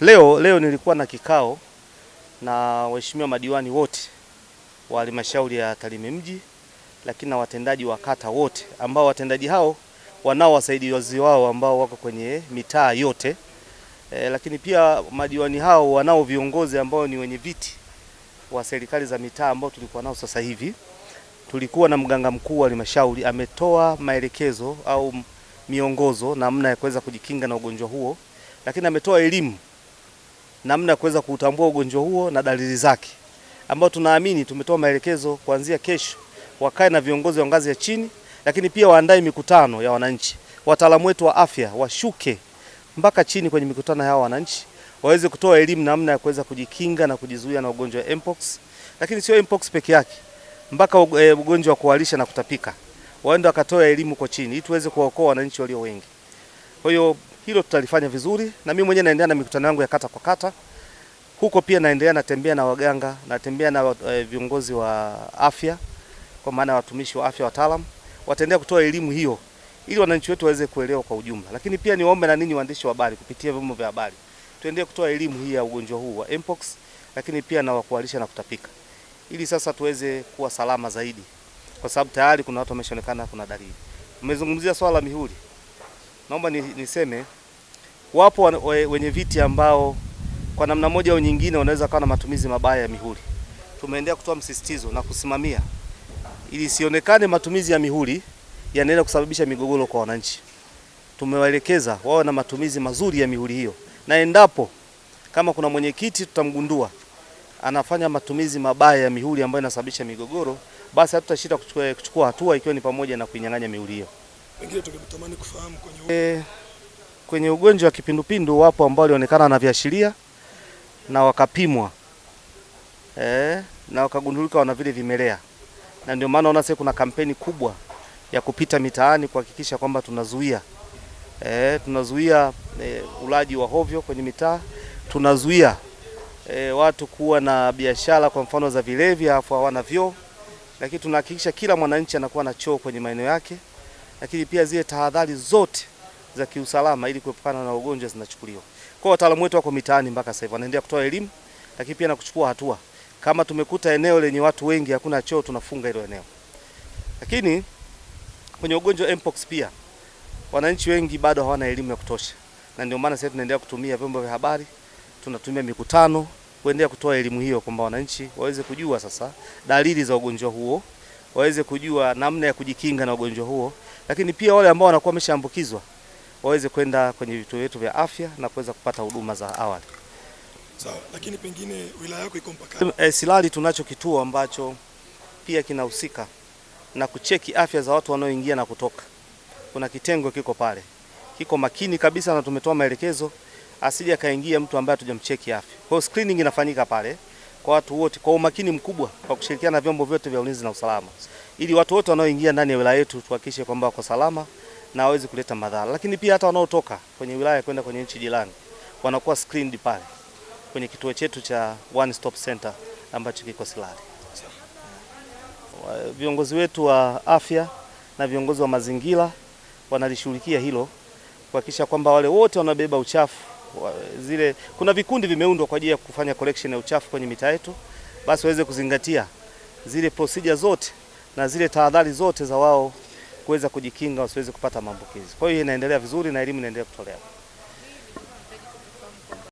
Leo leo nilikuwa na kikao na waheshimiwa madiwani wote wa halmashauri ya Tarime mji, lakini na watendaji wa kata wote, ambao watendaji hao wanao wasaidizi wao ambao wako kwenye mitaa yote e, lakini pia madiwani hao wanao viongozi ambao ni wenye viti wa serikali za mitaa ambao tulikuwa nao sasa hivi. Tulikuwa na mganga mkuu wa halmashauri ametoa maelekezo au miongozo namna ya kuweza kujikinga na ugonjwa huo, lakini ametoa elimu namna ya kuweza kuutambua ugonjwa huo na dalili zake, ambao tunaamini tumetoa maelekezo kuanzia kesho wakae na viongozi wa ngazi ya chini, lakini pia waandae mikutano ya wananchi, wataalamu wetu wa afya washuke mpaka chini kwenye mikutano ya wananchi waweze kutoa elimu namna ya kuweza kujikinga na kujizuia na ugonjwa wa mpox, lakini sio mpox peke yake, mpaka eh, ugonjwa wa kuharisha na kutapika, waende wakatoa elimu kwa chini ili tuweze kuwaokoa wananchi walio wengi. Kwa hiyo hilo tutalifanya vizuri, na mimi mwenyewe naendelea na mikutano yangu ya kata kwa kata huko pia naendelea natembea na waganga, natembea na e, viongozi wa afya, kwa maana ya watumishi wa afya, wataalam, wataendelea kutoa elimu hiyo ili wananchi wetu waweze kuelewa kwa ujumla. Lakini pia niwaombe na ninyi waandishi wa habari kupitia vyombo vya habari tuendelee kutoa elimu hii ya ugonjwa huu wa mpox, lakini pia na wakualisha na kutapika, ili sasa tuweze kuwa salama zaidi, kwa sababu tayari kuna watu wameshaonekana kuna dalili. Mmezungumzia swala la mihuri naomba niseme wapo wenye viti ambao kwa namna moja au nyingine wanaweza kuwa na matumizi mabaya ya mihuri. Tumeendelea kutoa msisitizo na kusimamia ili sionekane matumizi ya mihuri yanaenda kusababisha migogoro kwa wananchi. Tumewaelekeza wawe na matumizi mazuri ya mihuri hiyo, na endapo kama kuna mwenyekiti tutamgundua anafanya matumizi mabaya ya mihuri ambayo inasababisha migogoro, basi hatutashinda kuchukua hatua, ikiwa ni pamoja na kuinyang'anya mihuri hiyo. Pengine tungetamani kufahamu kwenye, eh, kwenye ugonjwa wa kipindupindu wapo ambao walionekana na viashiria na wakapimwa e, na wakagundulika wana vile vimelea, na ndio maana unaona sasa kuna kampeni kubwa ya kupita mitaani kuhakikisha kwamba tunazuia e, tunazuia e, ulaji wa hovyo kwenye mitaa, tunazuia e, watu kuwa na biashara kwa mfano za vilevi, alafu hawana vyoo, lakini tunahakikisha kila mwananchi anakuwa na choo kwenye maeneo yake lakini pia zile tahadhari zote za kiusalama ili kuepukana na ugonjwa zinachukuliwa. Kwa wataalamu wetu wako mitaani mpaka sasa hivi wanaendelea kutoa elimu, lakini pia na kuchukua hatua. Kama tumekuta eneo lenye watu wengi hakuna choo, tunafunga hilo eneo. Lakini kwenye ugonjwa mpox pia wananchi wengi bado hawana elimu ya kutosha, na ndio maana sasa tunaendelea kutumia vyombo vya habari, tunatumia mikutano kuendelea kutoa elimu hiyo, kwamba wananchi waweze kujua sasa dalili za ugonjwa huo, waweze kujua namna ya kujikinga na ugonjwa huo lakini pia wale ambao wanakuwa wameshaambukizwa waweze kwenda kwenye vituo vyetu vya afya na kuweza kupata huduma za awali. Sawa, lakini pengine wilaya yako iko mpakani. E, eh, Silali tunacho kituo ambacho pia kinahusika na kucheki afya za watu wanaoingia na kutoka. Kuna kitengo kiko pale, kiko makini kabisa, na tumetoa maelekezo asije akaingia mtu ambaye hatujamcheki afya. Kwa hiyo screening inafanyika pale kwa watu wote kwa umakini mkubwa, kwa kushirikiana na vyombo vyote vya ulinzi na usalama ili watu wote wanaoingia ndani ya wilaya yetu tuhakikishe kwamba wako salama na hawezi kuleta madhara, lakini pia hata wanaotoka kwenye wilaya kwenda kwenye nchi jirani wanakuwa screened pale kwenye kituo chetu cha One Stop Center ambacho kiko Silali. Viongozi wetu wa afya na viongozi wa mazingira wanalishughulikia hilo kuhakikisha kwamba wale wote wanabeba uchafu zile, kuna vikundi vimeundwa kwa ajili ya kufanya collection ya uchafu kwenye mitaa yetu, basi waweze kuzingatia zile procedure zote na zile tahadhari zote za wao kuweza kujikinga wasiweze kupata maambukizi. Kwa hiyo inaendelea vizuri na elimu inaendelea kutolewa.